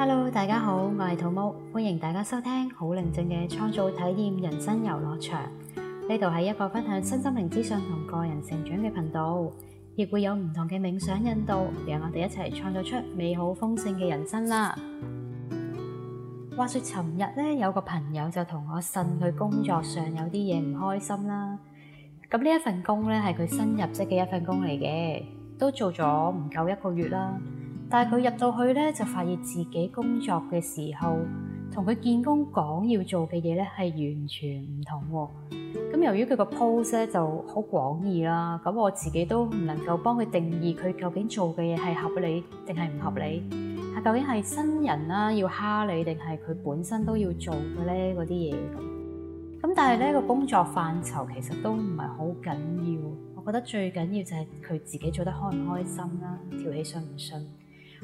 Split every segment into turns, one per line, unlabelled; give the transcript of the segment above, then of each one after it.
Hello，大家好，我係土貓，歡迎大家收聽好寧靜嘅創造體驗人生遊樂場。呢度係一個分享身心靈資訊同個人成長嘅頻道，亦會有唔同嘅冥想引導，讓我哋一齊創造出美好豐盛嘅人生啦。話說呢，尋日咧有個朋友就同我呻佢工作上有啲嘢唔開心啦。咁呢一份工咧係佢新入職嘅一份工嚟嘅，都做咗唔夠一個月啦。但係佢入到去咧，就發現自己工作嘅時候，同佢見工講要做嘅嘢咧，係完全唔同。咁由於佢個 post 咧就好廣義啦，咁我自己都唔能夠幫佢定義佢究竟做嘅嘢係合理定係唔合理，係究竟係新人啦要蝦你，定係佢本身都要做嘅咧嗰啲嘢。咁但係咧個工作範疇其實都唔係好緊要，我覺得最緊要就係佢自己做得開唔開心啦，條氣順唔順。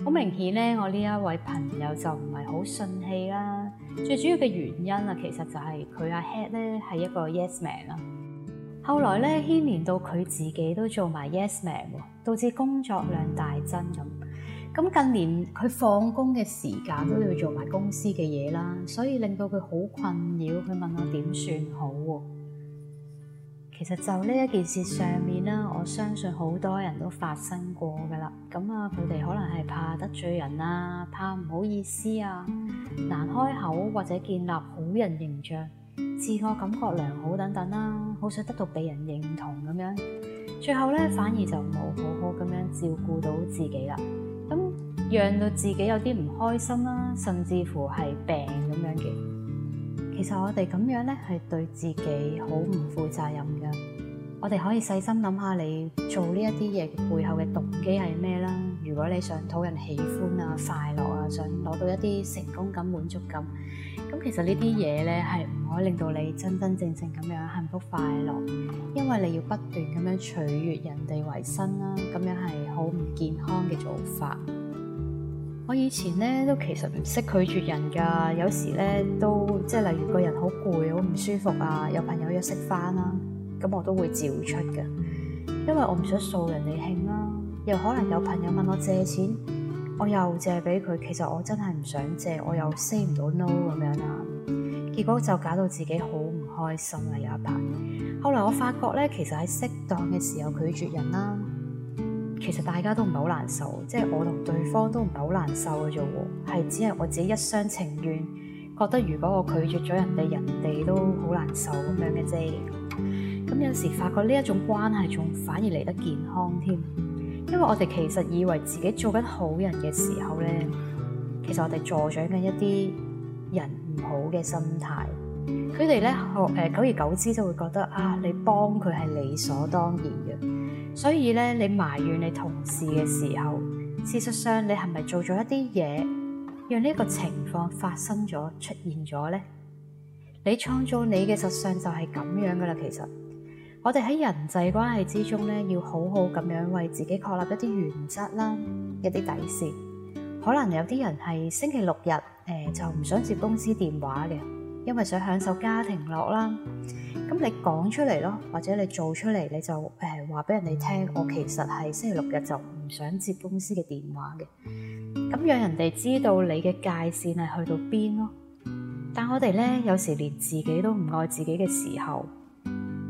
好明顯咧，我呢一位朋友就唔係好順氣啦。最主要嘅原因啊，其實就係佢阿 head 咧係一個 yes man 啦、啊。後來咧牽連到佢自己都做埋 yes man 喎、啊，導致工作量大增咁。咁近年佢放工嘅時間都要做埋公司嘅嘢啦，所以令到佢好困擾。佢問我點算好喎、啊？其實就呢一件事上面啦，我相信好多人都發生過噶啦。咁啊，佢哋可能係怕得罪人啊，怕唔好意思啊，難開口或者建立好人形象，自我感覺良好等等啦，好想得到畀人認同咁樣，最後咧反而就冇好好咁樣照顧到自己啦，咁讓到自己有啲唔開心啦，甚至乎係病咁樣嘅。其實我哋咁樣咧係對自己好唔負責任嘅。我哋可以細心諗下，你做呢一啲嘢背後嘅動機係咩啦？如果你想討人喜歡啊、快樂啊，想攞到一啲成功感、滿足感，咁其實呢啲嘢咧係唔可以令到你真真正正咁樣幸福快樂，因為你要不斷咁樣取悅人哋為生啦，咁樣係好唔健康嘅做法。我以前咧都其實唔識拒絕人噶，有時咧都即係例如個人好攰、好唔舒服啊，有朋友約食飯啦，咁、嗯、我都會照出嘅，因為我唔想掃人哋興啦。又可能有朋友問我借錢，我又借俾佢，其實我真係唔想借，我又 say 唔到 no 咁樣啦，結果就搞到自己好唔開心啦。有一排，後來我發覺咧，其實喺適當嘅時候拒絕人啦。其實大家都唔係好難受，即係我同對方都唔係好難受嘅啫，係只係我自己一廂情願，覺得如果我拒絕咗人哋，人哋都好難受咁樣嘅啫。咁有時發覺呢一種關係仲反而嚟得健康添，因為我哋其實以為自己做緊好人嘅時候咧，其實我哋助長緊一啲人唔好嘅心態。佢哋咧學誒，久、呃、而久之就會覺得啊，你幫佢係理所當然嘅。所以咧，你埋怨你同事嘅時候，事實上你係咪做咗一啲嘢，讓呢個情況發生咗、出現咗呢？你創造你嘅實相就係咁樣噶啦。其實我哋喺人際關係之中咧，要好好咁樣為自己確立一啲原則啦，一啲底線。可能有啲人係星期六日誒、呃，就唔想接公司電話嘅。因為想享受家庭樂啦，咁你講出嚟咯，或者你做出嚟，你就誒話俾人哋聽，我其實係星期六日就唔想接公司嘅電話嘅。咁讓人哋知道你嘅界線係去到邊咯。但我哋咧有時連自己都唔愛自己嘅時候，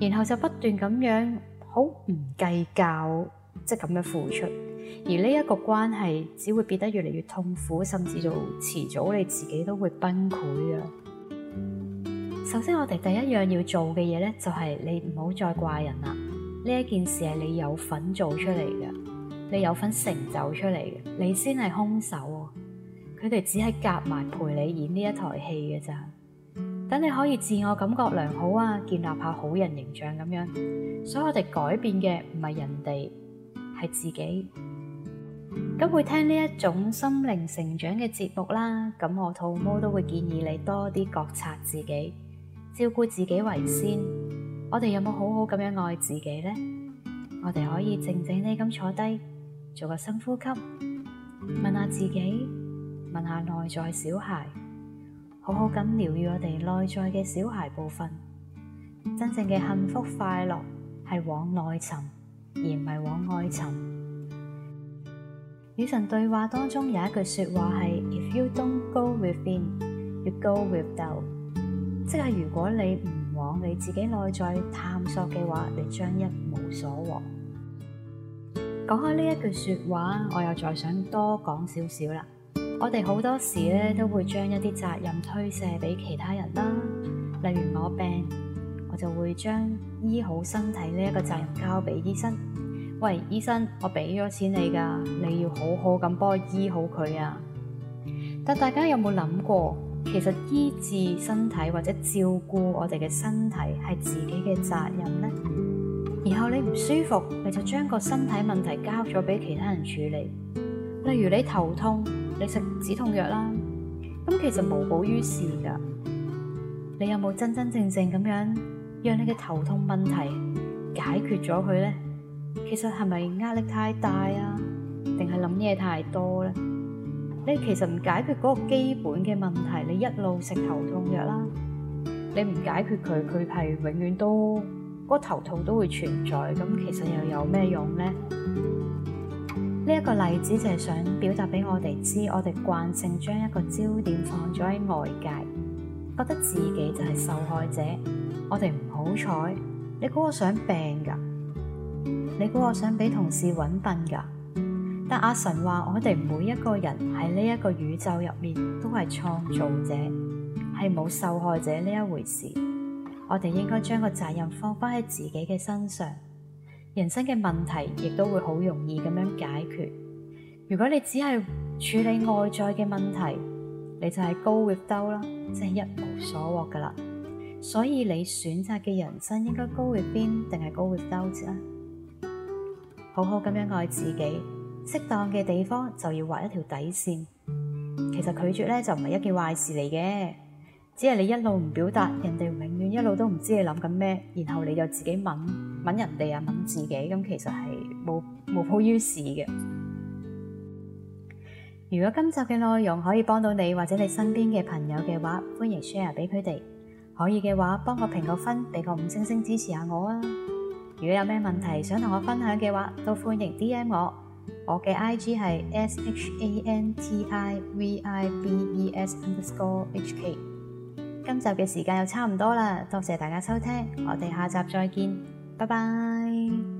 然後就不斷咁樣好唔計較，即係咁樣付出，而呢一個關係只會變得越嚟越痛苦，甚至就遲早你自己都會崩潰呀。首先，我哋第一樣要做嘅嘢咧，就係、是、你唔好再怪人啦。呢一件事係你有份做出嚟嘅，你有份成就出嚟嘅，你先係凶手、啊。佢哋只係夾埋陪你演呢一台戲嘅咋。等你可以自我感覺良好啊，建立下好人形象咁樣。所以，我哋改變嘅唔係人哋，係自己。咁會聽呢一種心靈成長嘅節目啦。咁我兔毛都會建議你多啲覺察自己。照顧自己為先，我哋有冇好好咁樣愛自己呢？我哋可以靜靜地咁坐低，做個深呼吸，問下自己，問下內在小孩，好好咁療癒我哋內在嘅小孩部分。真正嘅幸福快樂係往內尋，而唔係往外尋。與神對話當中有一句說話係：If you don't go within, you go without。即係如果你唔往你自己內在探索嘅話，你將一無所獲。講開呢一句說話，我又再想多講少少啦。我哋好多時咧都會將一啲責任推卸俾其他人啦。例如我病，我就會將醫好身體呢一個責任交俾醫生。喂，醫生，我俾咗錢你噶，你要好好咁幫我醫好佢啊！但大家有冇諗過？其實醫治身體或者照顧我哋嘅身體係自己嘅責任咧。然後你唔舒服，你就將個身體問題交咗俾其他人處理。例如你頭痛，你食止痛藥啦，咁其實無補於事噶。你有冇真真正正咁樣讓你嘅頭痛問題解決咗佢咧？其實係咪壓力太大啊？定係諗嘢太多咧？你其實唔解決嗰個基本嘅問題，你一路食頭痛藥啦，你唔解決佢，佢係永遠都個頭痛都會存在。咁其實又有咩用咧？呢一個例子就係想表達俾我哋知，我哋慣性將一個焦點放咗喺外界，覺得自己就係受害者，我哋唔好彩。你估我想病噶，你估我想俾同事揾笨噶。但阿神話：我哋每一個人喺呢一個宇宙入面都係創造者，係冇受害者呢一回事。我哋應該將個責任放翻喺自己嘅身上，人生嘅問題亦都會好容易咁樣解決。如果你只係處理外在嘅問題，你就係高 o with d 啦，即係一無所獲噶啦。所以你選擇嘅人生應該高 o with 邊定係高 o with d o 啫？好好咁樣愛自己。適當嘅地方就要畫一條底線。其實拒絕咧就唔係一件壞事嚟嘅，只係你一路唔表達，人哋永遠一路都唔知你諗緊咩，然後你又自己問問人哋啊，問自己，咁其實係冇無補於事嘅。如果今集嘅內容可以幫到你或者你身邊嘅朋友嘅話，歡迎 share 俾佢哋。可以嘅話，幫我評個分，俾個五星星支持下我啊！如果有咩問題想同我分享嘅話，都歡迎 DM 我。我嘅 I G 係、e、S H A N T I V I B E S underscore H K。今集嘅時間又差唔多啦，多謝大家收聽，我哋下集再見，拜拜。